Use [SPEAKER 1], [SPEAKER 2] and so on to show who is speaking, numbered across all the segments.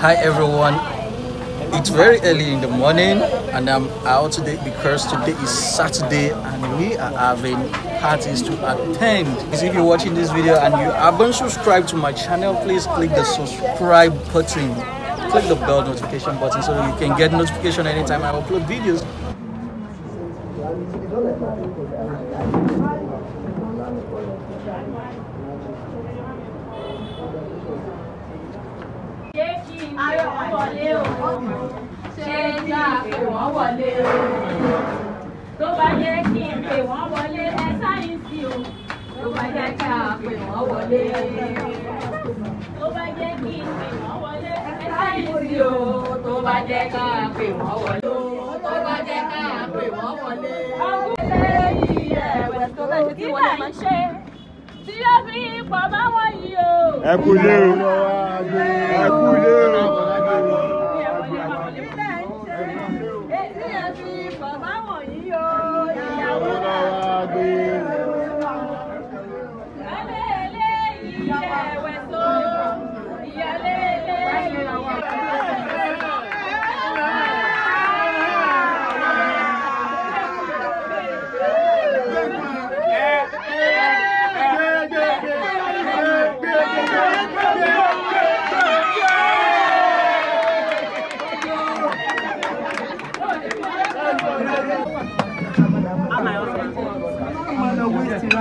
[SPEAKER 1] Hi everyone. It's very early in the morning and I'm out today because today is Saturday and we are having parties to attend. If you're watching this video and you haven't subscribed to my channel, please click the subscribe button. Click the bell notification button so you can get notification anytime I upload videos. ayọ̀ wọn wọlé o
[SPEAKER 2] ṣé dá pé wọ́n wọlé o
[SPEAKER 1] tó bá yẹ kí n pè wọ́n wọlé ẹ sáyẹ́ǹsì o tó bá yẹ ká pè wọ́n wọlé tó bá yẹ kí n pè wọ́n wọlé ẹ sáyẹ́ǹsì o tó bá yẹ ká pè wọ́n wọlé tó bá yẹ ká pè wọ́n wọlé. ọgbẹ́ lẹ́yìn ẹ̀wẹ̀ tó kí là ṣe tí ó fi pọ̀ máwọn yìí o. ẹ kú lé o ẹ kú lé o.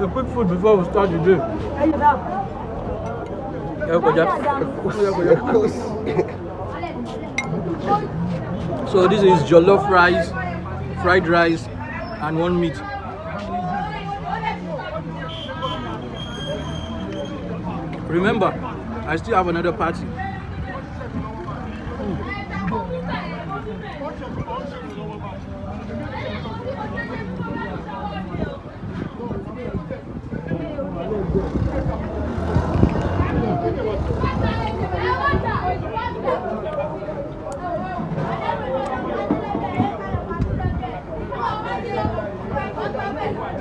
[SPEAKER 1] a quick food before we start the day. So this is jollof rice, fried rice, and one meat. Remember, I still have another party.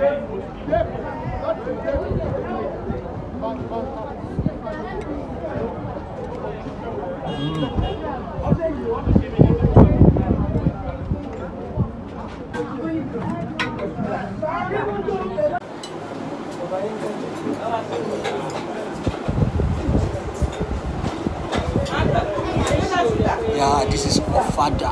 [SPEAKER 1] Yeah, this is Ofada.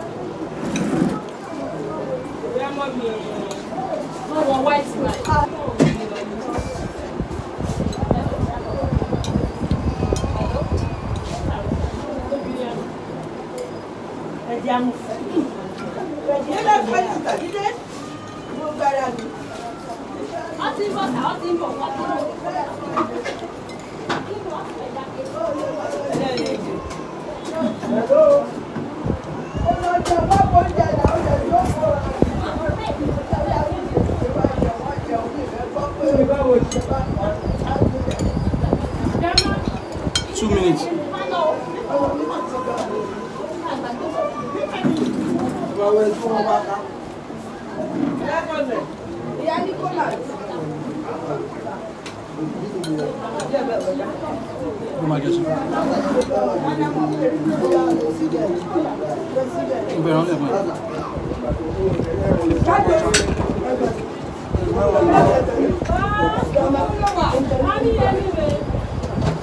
[SPEAKER 1] mọ́ mi wọ́n wọ white man. ẹ̀jẹ̀ amú. ẹ̀jẹ̀ minutes. Thank you.